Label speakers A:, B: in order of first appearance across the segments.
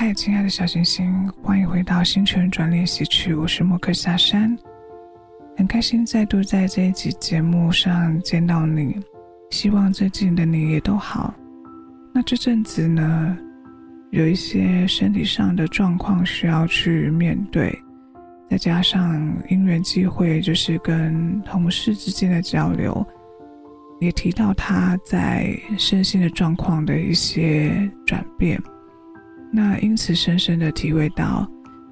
A: 嗨，Hi, 親愛的小星星，歡迎回到星辰轉練習區。我是莫克夏山，很開心再度在這一集節目上見到你。希望最近的你也都好。那這陣子呢，有一些身體上的狀況需要去面對，再加上因緣際會，就是跟同事之間的交流，也提到他在身心的狀況的一些轉變。那因此，深深的體會到，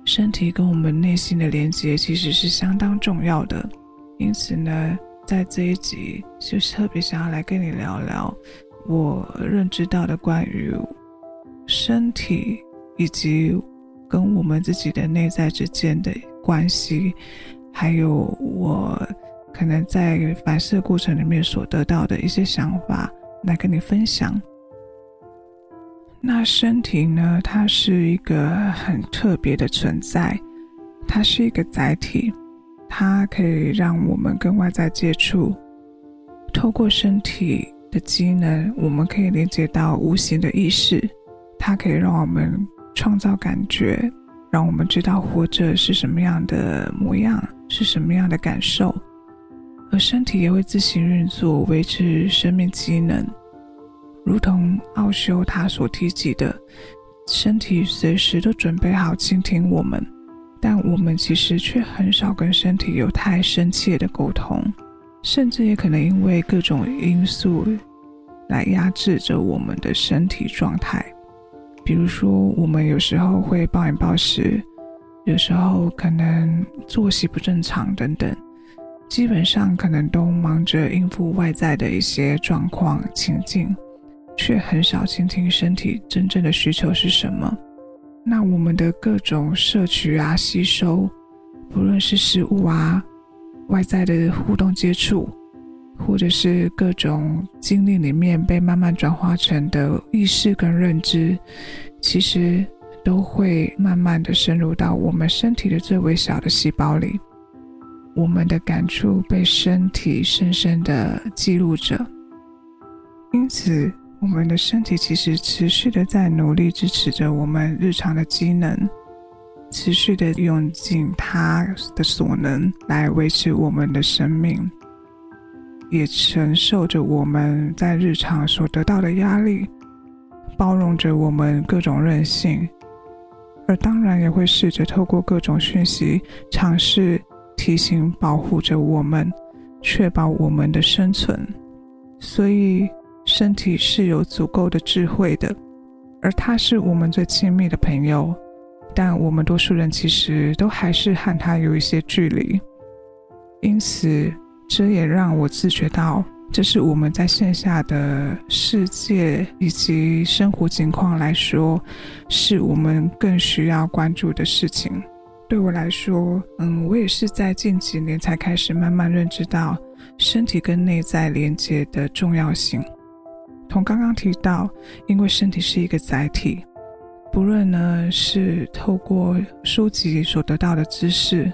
A: 身體跟我們內心的連接其實是相當重要的。因此呢，在這一集就特別想要來跟你聊聊，我認知到的關於身體以及跟我們自己的內在之間的關係，還有我可能在反思過程裡面所得到的一些想法，來跟你分享。那身體呢，它是一個很特別的存在，它是一個載體，它可以讓我們跟外在接觸。透過身體的機能，我們可以連接到無形的意識，它可以讓我們創造感覺，讓我們知道活着是什麼樣的模樣，是什麼樣的感受。而身體也會自行運作，維持生命機能。如同奧修他所提及的，身體隨時都準備好傾聽我們，但我們其實卻很少跟身體有太深切的溝通，甚至也可能因為各種因素來壓制着我們的身體狀態。比如說，我們有時候會暴飲暴食，有時候可能作息不正常等等，基本上可能都忙着應付外在的一些狀況、情境。卻很少傾聽身體真正的需求是什麼。那我們的各種攝取啊、吸收，不論是食物啊、外在的互動接觸，或者是各種經歷裡面被慢慢轉化成的意識跟認知，其實都會慢慢的深入到我們身體的最微小的細胞裡。我們的感觸被身體深深的記錄着，因此，我們的身體其實持續的在努力支持着我們日常的機能，持續的用盡它的所能來維持我們的生命，也承受着我們在日常所得到的壓力，包容着我們各種任性，而當然也會試着透過各種訊息嘗試提醒、保護着我們，確保我們的生存。所以，身體是有足夠的智慧的，而他是我們最親密的朋友，但我們多數人其實都還是和他有一些距離，因此，這也讓我自覺到，這是我們在線下的世界以及生活情況來說，是我們更需要關注的事情。對我來說，嗯，我也是在近幾年才開始慢慢認知到身體跟內在連接的重要性。從剛剛提到，因為身體是一個載體，不論呢是透過書籍所得到的知識，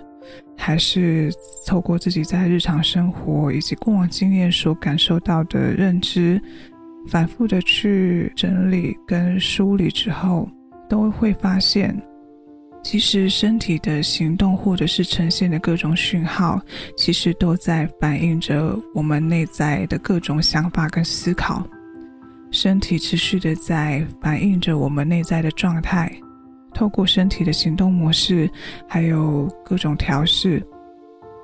A: 還是透過自己在日常生活以及過往經驗所感受到的認知，反復的去整理跟梳理之後，都會發現，其實身體的行動或者是呈現的各種訊號，其實都在反映着我們內在的各種想法跟思考。身體持續的在反映着我們內在的狀態，透過身體的行動模式，還有各種調試，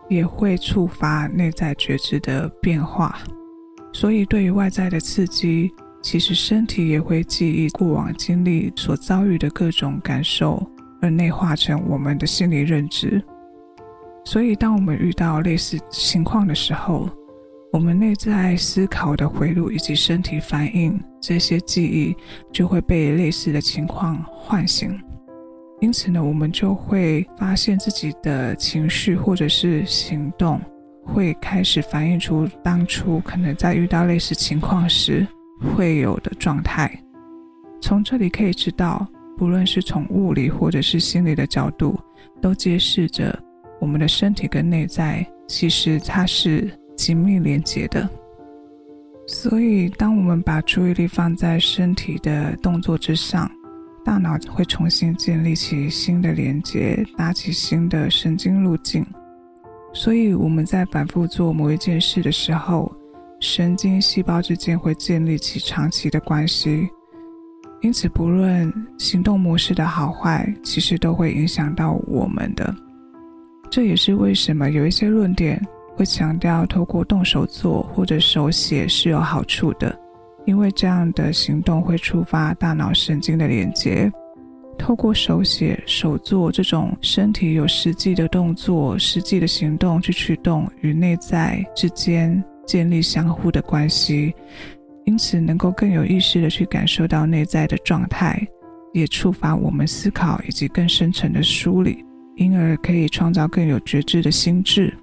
A: 也會觸發內在覺知的變化。所以，對於外在的刺激，其實身體也會記憶過往經歷所遭遇的各種感受，而內化成我們的心理認知。所以，當我們遇到類似情況的時候，我們內在思考的回路以及身體反應，這些記憶就會被類似的情況喚醒。因此呢，我們就會發現自己的情緒或者是行動，會開始反映出當初可能在遇到類似情況時會有的狀態。從這裡可以知道，不論是從物理或者是心理的角度，都揭示着我們的身體跟內在其實它是。緊密連接的，所以當我們把注意力放在身體的動作之上，大腦會重新建立起新的連接，搭起新的神經路徑。所以我們在反復做某一件事的時候，神經細胞之間會建立起長期的關係。因此，不論行動模式的好壞，其實都會影響到我們的。這也是為什麼有一些論點，會強調，透過動手做或者手寫是有好處的，因為這樣的行動會觸發大腦神經的連接。透過手寫、手做這種身體有實際的動作、實際的行動去驅動，與內在之間建立相互的關係，因此能夠更有意識地去感受到內在的狀態，也觸發我們思考以及更深層的梳理，因而可以創造更有覺知的心智。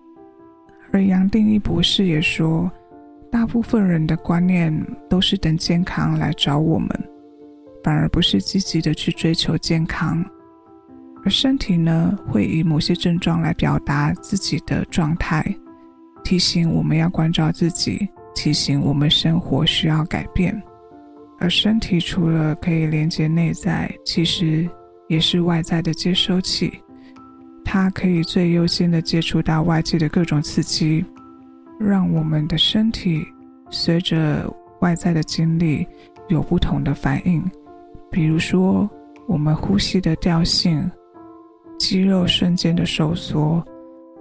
A: 而楊定一博士也說，大部分人的觀念都是等健康來找我們，反而不是積極的去追求健康。而身體呢，會以某些症狀來表達自己的狀態，提醒我們要關照自己，提醒我們生活需要改變。而身體除了可以連接內在，其實也是外在的接收器。它可以最優先的接觸到外界的各種刺激，讓我們的身體隨着外在的經歷有不同的反應，比如說我們呼吸的調性、肌肉瞬間的收縮、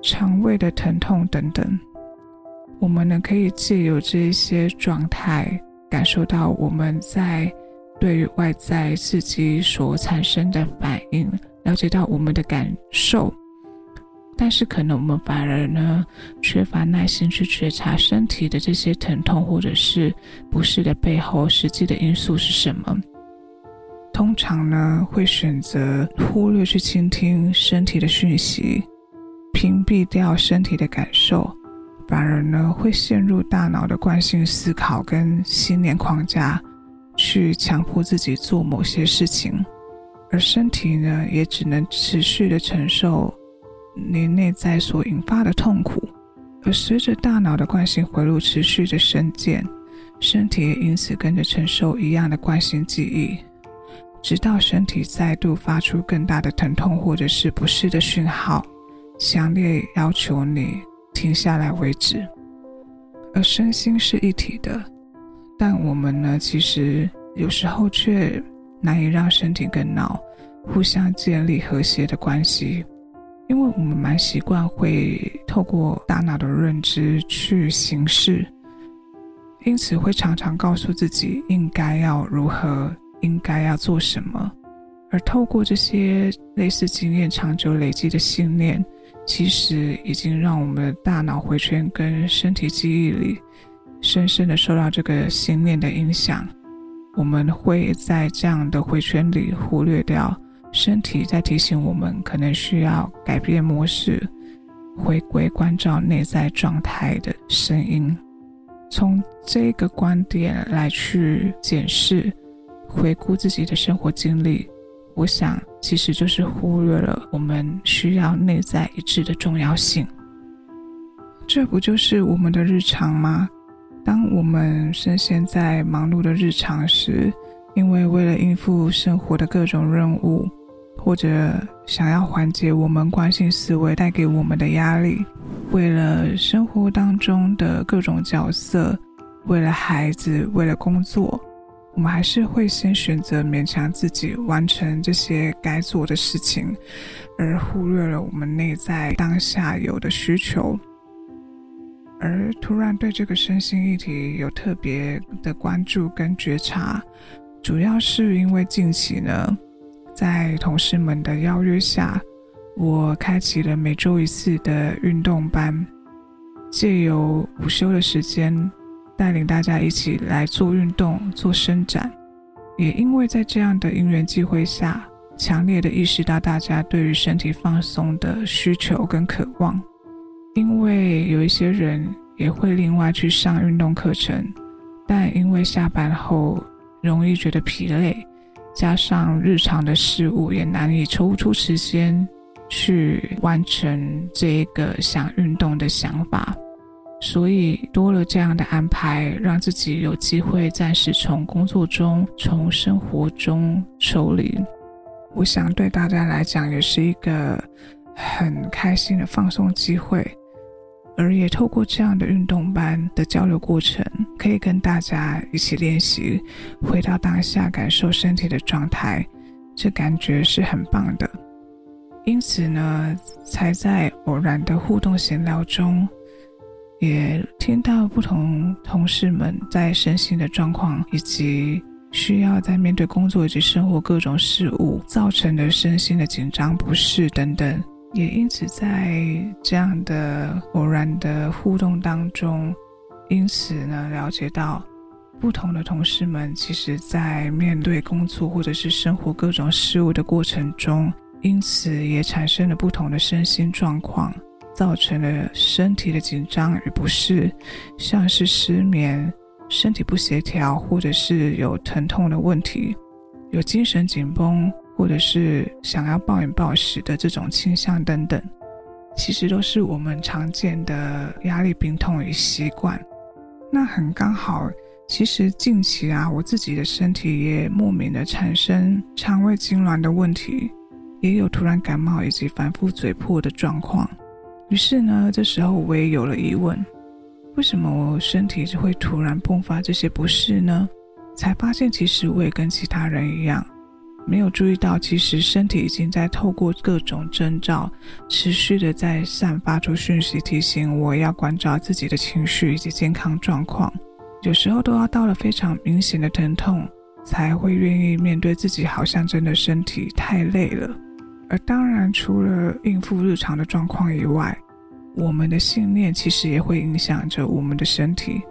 A: 腸胃的疼痛等等。我們呢可以借由這一些狀態，感受到我們在對於外在刺激所產生的反應。了解到我們的感受，但是可能我們反而呢缺乏耐心去覺察身體的這些疼痛或者是不適的背後實際的因素是什麼。通常呢會選擇忽略去傾聽身體的訊息，屏蔽掉身體的感受，反而呢會陷入大腦的慣性思考跟信念框架，去強迫自己做某些事情。而身體呢，也只能持續的承受你內在所引發的痛苦，而隨着大腦的慣性回路持續的深潛，身體也因此跟着承受一樣的慣性記憶，直到身體再度發出更大的疼痛或者是不適的訊號，強烈要求你停下來為止。而身心是一體的，但我們呢，其實有時候卻。難以讓身體跟腦互相建立和諧的關係，因為我們蠻習慣會透過大腦的認知去行事，因此會常常告訴自己應該要如何，應該要做什麼。而透過這些類似經驗長久累積的信念，其實已經讓我們的大腦回圈跟身體記憶裡，深深的受到這個信念的影響。我們會在這樣的迴圈裡忽略掉身體在提醒我們可能需要改變模式、回歸關照內在狀態的聲音。從這個觀點來去檢視，回顧自己的生活經歷，我想其實就是忽略了我們需要內在一致的重要性。這不就是我們的日常嗎？當我們深陷在忙碌的日常時，因為為了應付生活的各種任務，或者想要緩解我們慣性思維帶給我們的壓力，為了生活當中的各種角色，為了孩子，為了工作，我們還是會先選擇勉強自己完成這些該做的事情，而忽略了我們內在當下有的需求。而突然對這個身心一體有特別的關注跟覺察，主要是因為近期呢，在同事們的邀約下，我開啟了每周一次的運動班，借由午休的時間帶領大家一起來做運動、做伸展。也因為，在這樣的因緣際會下，強烈的意識到大家對於身體放鬆的需求跟渴望。因為有一些人也會另外去上運動課程，但因為下班後容易覺得疲累，加上日常的事務，也難以抽出時間去完成這一個想運動的想法，所以多了這樣的安排，讓自己有機會暫時從工作中、從生活中抽離。我想對大家來講也是一個很開心的放鬆機會。而也透過這樣的運動般的交流過程，可以跟大家一起練習，回到當下，感受身體的狀態，這感覺是很棒的。因此呢，才在偶然的互動閒聊中，也聽到不同同事們在身心的狀況，以及需要在面對工作以及生活各種事物造成的身心的緊張、不適等等。也因此，在這樣的偶然的互動當中，因此呢，了解到不同的同事們，其實在面對工作或者是生活各種事物的過程中，因此也產生了不同的身心狀況，造成了身體的緊張與不適，像是失眠、身體不協調，或者是有疼痛的問題，有精神緊繃。或者是想要暴飲暴食的這種傾向等等，其實都是我們常見的壓力病痛與習慣。那很剛好，其實近期啊，我自己的身體也莫名的產生腸胃痙攣的問題，也有突然感冒以及反覆嘴破的狀況。於是呢，這時候我也有了疑問，為什麼我身體就會突然迸發這些不適呢？才發現其實我也跟其他人一樣。沒有注意到，其實身體已經在透過各種徵兆，持續的在散發出訊息，提醒我要關照自己的情緒以及健康狀況。有時候都要到了非常明顯的疼痛，才會願意面對自己，好像真的身體太累了。而當然，除了應付日常的狀況以外，我們的信念其實也會影響着我們的身體。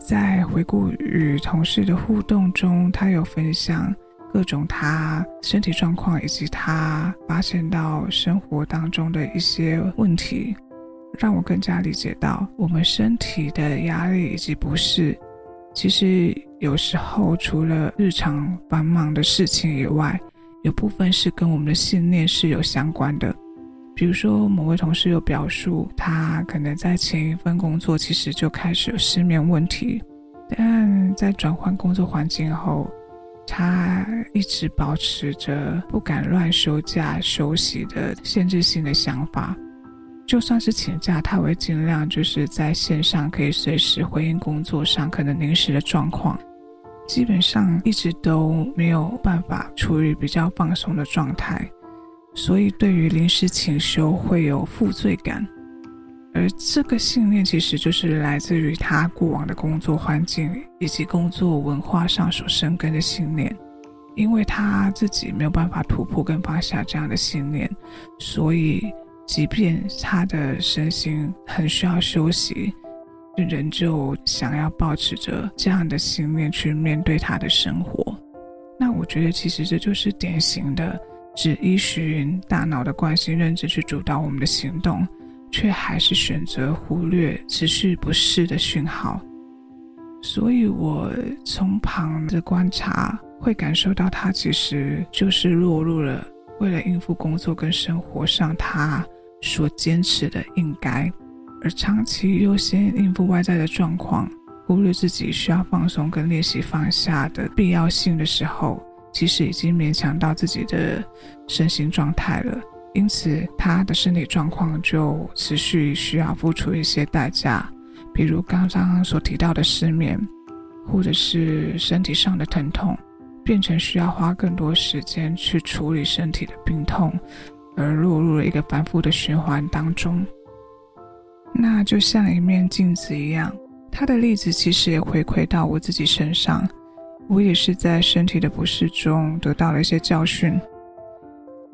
A: 在回顧與同事的互動中，他有分享。各種他身體狀況，以及他發現到生活當中的一些問題，讓我更加理解到我們身體的壓力以及不適，其實有時候除了日常繁忙的事情以外，有部分是跟我們的信念是有相關的。比如說，某位同事有表述他可能在前一份工作其實就開始有失眠問題，但在轉換工作環境後，他一直保持着不敢亂休假休息的限制性的想法，就算是請假，他會盡量就是在線上可以隨時回應工作上可能臨時的狀況，基本上一直都沒有辦法處於比較放鬆的狀態，所以對於臨時請休會有負罪感。而這個信念其實就是來自於他過往的工作環境以及工作文化上所生根的信念，因為他自己沒有辦法突破跟放下這樣的信念，所以即便他的身心很需要休息，就仍舊想要保持着這樣的信念去面對他的生活。那我覺得，其實這就是典型的只依循大腦的慣性認知去主導我們的行動。卻還是選擇忽略持續不適的訊號，所以我從旁的觀察會感受到，他其實就是落入了為了應付工作跟生活上他所堅持的應該，而長期優先應付外在的狀況，忽略自己需要放鬆跟練習放下的必要性的時候，其實已經勉強到自己的身心狀態了。因此，他的身體狀況就持續需要付出一些代價，比如剛剛所提到的失眠，或者是身體上的疼痛，變成需要花更多時間去處理身體的病痛，而落入了一個反復的循環當中。那就像一面鏡子一樣，他的例子其實也回饋到我自己身上，我也是在身體的不適中得到了一些教訓。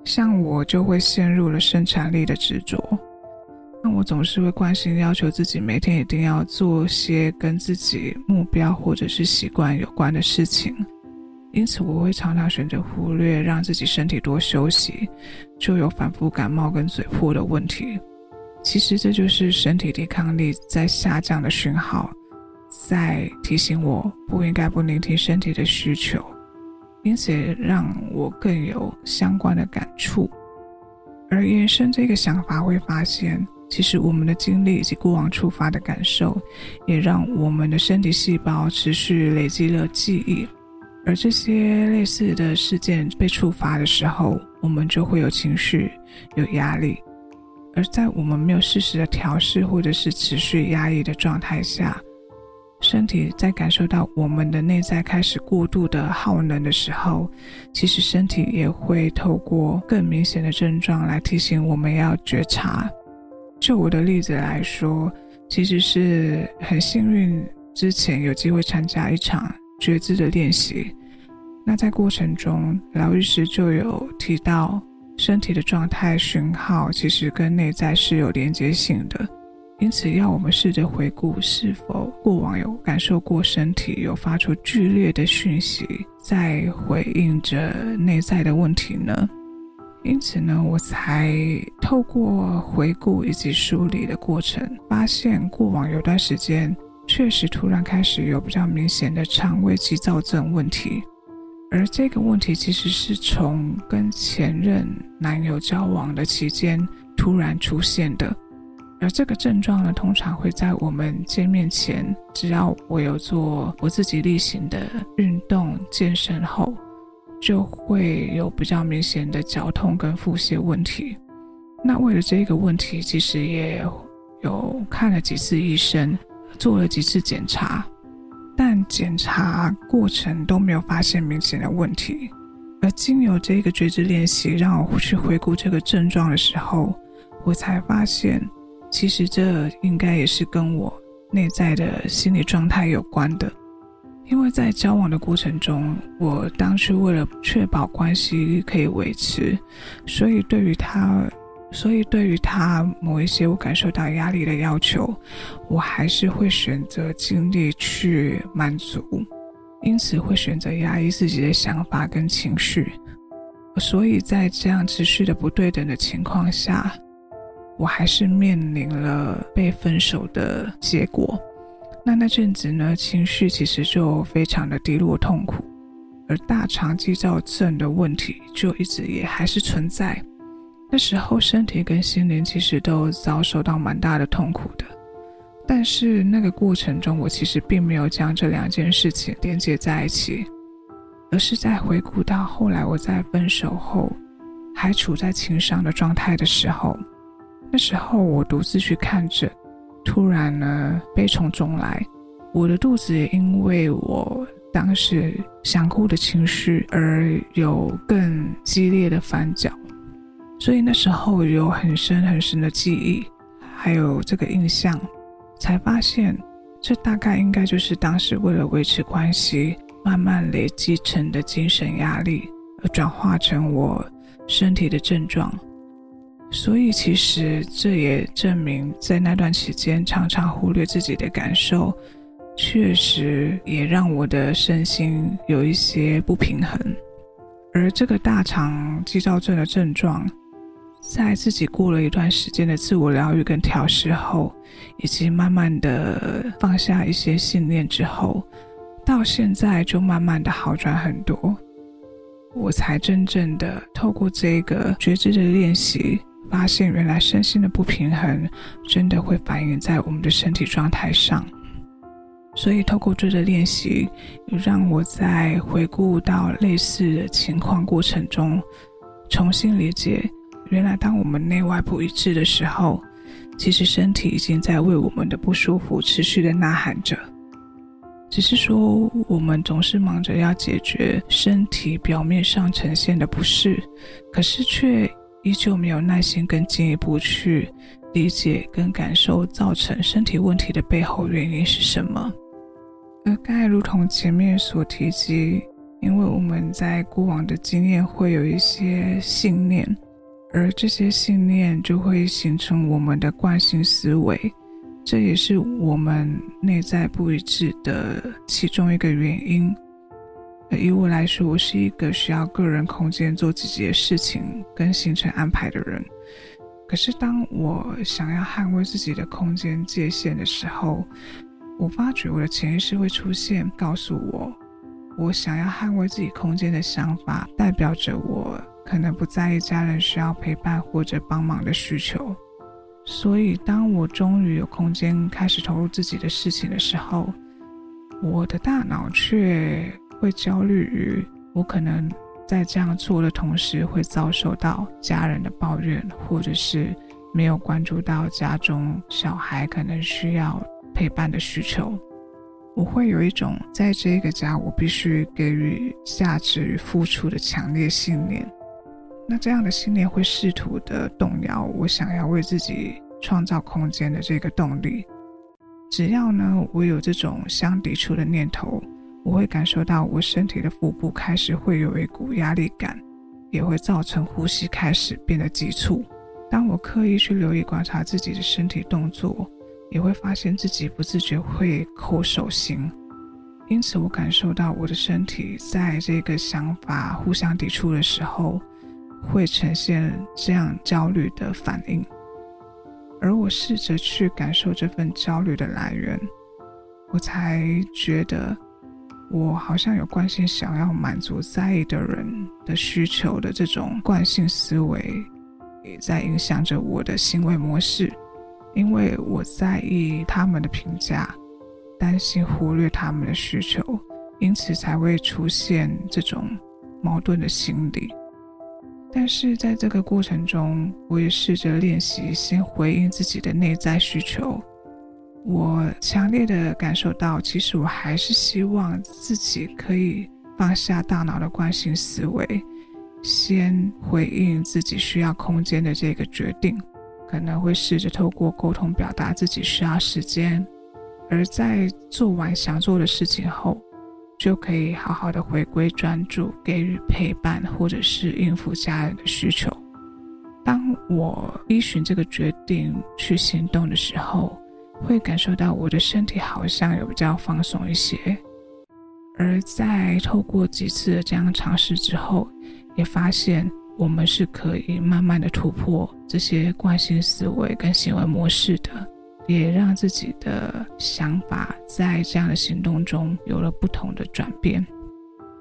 A: 像我就會陷入了生產力的執着，那我總是會慣性要求自己每天一定要做些跟自己目標或者是習慣有關的事情，因此我會常常選擇忽略讓自己身體多休息，就有反復感冒跟嘴破的問題。其實這就是身體抵抗力在下降的訊號，在提醒我不應該不聆聽身體的需求。因此讓我更有相關的感觸，而延伸這個想法，會發現其實我們的經歷以及過往觸發的感受，也讓我們的身體細胞持續累積了記憶，而這些類似的事件被觸發的時候，我們就會有情緒、有壓力，而在我們沒有適時的調試或者是持續壓抑的狀態下。身體在感受到我們的內在開始過度的耗能的時候，其實身體也會透過更明顯的症狀來提醒我們要覺察。就我的例子來說，其實是很幸運，之前有機會參加一場覺知的練習。那在過程中，療癒師就有提到，身體的狀態訊號其實跟內在是有連接性的。因此，要我們試着回顧，是否過往有感受過身體有發出劇烈的訊息，在回應着內在的問題呢？因此呢，我才透過回顧以及梳理的過程，發現過往有段時間確實突然開始有比較明顯的腸胃急躁症問題，而這個問題其實是從跟前任男友交往的期間突然出現的。而這個症狀呢，通常會在我們見面前，只要我有做我自己例行的運動健身後，就會有比較明顯的絞痛跟腹瀉問題。那為了這個問題，其實也有看了幾次醫生，做了幾次檢查，但檢查過程都沒有發現明顯的問題。而經由這個覺知練習，讓我去回顧這個症狀的時候，我才發現。其實這應該也是跟我內在的心理狀態有關的，因為在交往的過程中，我當初為了確保關係可以維持，所以對於他，所以對於他某一些我感受到壓力的要求，我還是會選擇盡力去滿足，因此會選擇壓抑自己的想法跟情緒，所以在這樣持續的不對等的情況下。我還是面臨了被分手的結果，那那陣子呢，情緒其實就非常的低落痛苦，而大腸激躁症的問題就一直也還是存在。那時候身體跟心靈其實都遭受到蠻大的痛苦的，但是那個過程中，我其實並沒有將這兩件事情連接在一起，而是在回顧到後來我在分手後還處在情傷的狀態的時候。那時候我獨自去看診，突然呢，悲從中來，我的肚子也因為我當時想哭的情緒而有更激烈的翻攪，所以那時候有很深很深的記憶，還有這個印象，才發現這大概應該就是當時為了維持關係慢慢累積成的精神壓力，而轉化成我身體的症狀。所以，其實這也證明，在那段期間，常常忽略自己的感受，確實也讓我的身心有一些不平衡。而這個大腸激躁症的症狀，在自己過了一段時間的自我療癒跟調適後，以及慢慢的放下一些信念之後，到現在就慢慢的好轉很多。我才真正的透過這個覺知的練習，發現原來身心的不平衡真的會反映在我們的身體狀態上，所以透過這個練習，讓我在回顧到類似的情況過程中，重新理解原來當我們內外不一致的時候，其實身體已經在為我們的不舒服持續的吶喊着，只是說我們總是忙着要解決身體表面上呈現的不適，可是卻，依舊沒有耐心，更進一步去理解跟感受造成身體問題的背後原因是什麼？而該如同前面所提及，因為我們在過往的經驗會有一些信念，而這些信念就會形成我們的慣性思維，這也是我們內在不一致的其中一個原因。以我來說，我是一個需要個人空間做自己的事情跟行程安排的人。可是當我想要捍衛自己的空間界限的時候，我發覺我的潛意識會出現，告訴我，我想要捍衛自己空間的想法，代表着我可能不在意家人需要陪伴或者幫忙的需求。所以當我終於有空間開始投入自己的事情的時候，我的大腦卻。會焦慮於我可能在這樣做的同時，會遭受到家人的抱怨，或者是沒有關注到家中小孩可能需要陪伴的需求。我會有一種在這個家我必須給予價值與付出的強烈信念。那這樣的信念會試圖的動搖我想要為自己創造空間的這個動力。只要呢，我有這種相抵觸的念頭。我會感受到我身體的腹部開始會有一股壓力感，也會造成呼吸開始變得急促。當我刻意去留意觀察自己的身體動作，也會發現自己不自覺會摳手心。因此，我感受到我的身體在這個想法互相抵觸的時候，會呈現這樣焦慮的反應。而我試着去感受這份焦慮的來源，我才覺得。我好像有慣性，想要滿足在意的人的需求的這種慣性思維，也在影響着我的行為模式。因為我在意他們的評價，擔心忽略他們的需求，因此才會出現這種矛盾的心理。但是在這個過程中，我也試着練習先回應自己的內在需求。我強烈地感受到，其實我還是希望自己可以放下大腦的慣性思維，先回應自己需要空間的這個決定，可能會試着透過溝通表達自己需要時間，而在做完想做的事情後，就可以好好的回歸專注，給予陪伴，或者是應付家人的需求。當我依循這個決定去行動的時候，會感受到我的身體好像有比較放鬆一些，而在透過幾次的這樣的嘗試之後，也發現我們是可以慢慢的突破這些慣性思維跟行為模式的，也讓自己的想法在這樣的行動中有了不同的轉變，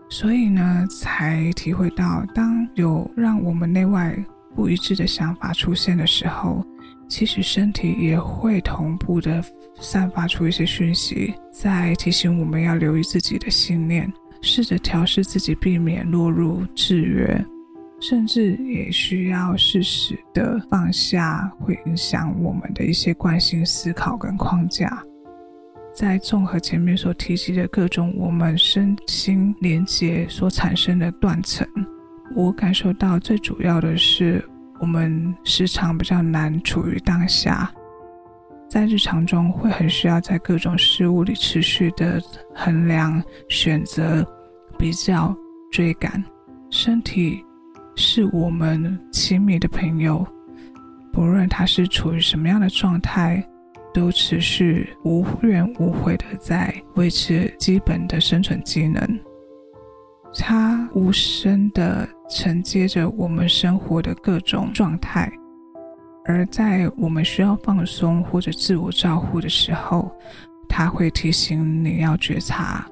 A: 所以呢，才體會到當有讓我們內外不一致的想法出現的時候，其實身體也會同步的散發出一些訊息，在提醒我們要留意自己的信念，試着調試自己，避免落入制約，甚至也需要適時的放下會影響我們的一些慣性思考跟框架。在綜合前面所提及的各種我們身心連接所產生的斷層，我感受到最主要的是。我們時常比較難處於當下，在日常中會很需要在各種事物裡持續的衡量、選擇、比較、追趕。身體是我們親密的朋友，不論他是處於什麼樣的狀態，都持續無怨無悔的在維持基本的生存技能。它無聲的承接着我們生活的各種狀態，而在我們需要放鬆或者自我照護的時候，它會提醒你要覺察。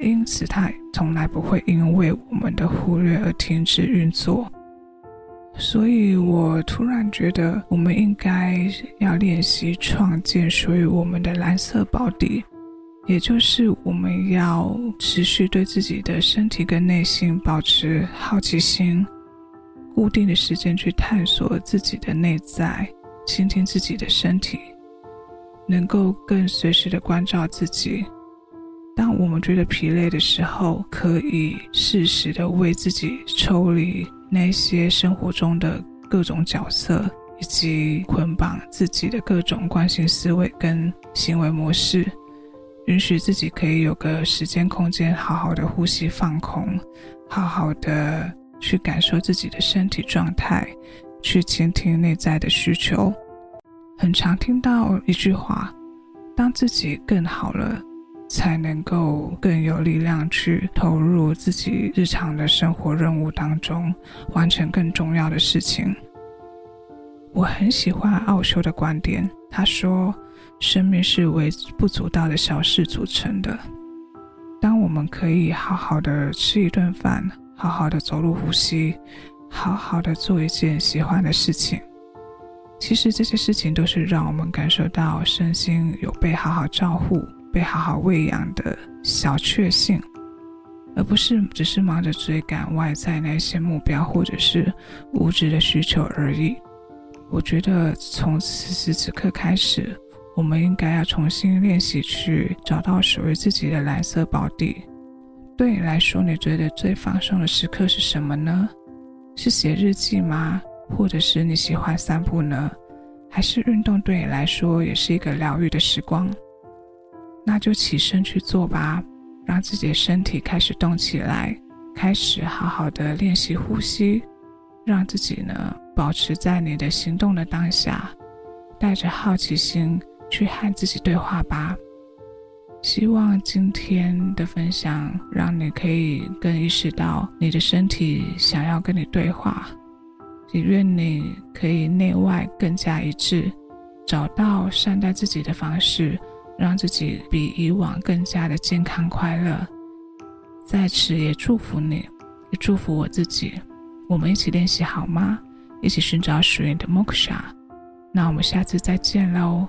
A: 因此，它從來不會因為我們的忽略而停止運作。所以我突然覺得，我們應該要練習創建屬於我們的藍色寶地。也就是我們要持續對自己的身體跟內心保持好奇心，固定的時間去探索自己的內在，傾聽自己的身體，能夠更隨時的關照自己。當我們覺得疲累的時候，可以適時的為自己抽離那些生活中的各種角色，以及捆綁自己的各種慣性思維跟行為模式。允許自己可以有個時間空間，好好的呼吸、放空，好好的去感受自己的身體狀態，去傾聽內在的需求。很常聽到一句話，當自己更好了，才能夠更有力量去投入自己日常的生活任務當中，完成更重要的事情。我很喜歡奧修的觀點，他說，生命是微不足道的小事組成的。當我們可以好好的吃一頓飯，好好的走路、呼吸，好好的做一件喜歡的事情，其實這些事情都是讓我們感受到身心有被好好照顧、被好好餵養的小確幸，而不是只是忙着追趕外在那些目標或者是物質的需求而已。我覺得從此時此刻開始。我們應該要重新練習去找到屬於自己的藍色寶地。對你來說，你覺得最放鬆的時刻是什麼呢？是寫日記嗎？或者是你喜歡散步呢？還是運動對你來說也是一個療癒的時光？那就起身去做吧，讓自己的身體開始動起來，開始好好的練習呼吸，讓自己呢保持在你的行動的當下，帶着好奇心。去和自己對話吧。希望今天的分享讓你可以更意識到你的身體想要跟你對話。也願你可以內外更加一致，找到善待自己的方式，讓自己比以往更加的健康快樂。在此也祝福你，也祝福我自己。我們一起練習好嗎？一起尋找屬於你的 Moksha。那我們下次再見嘍。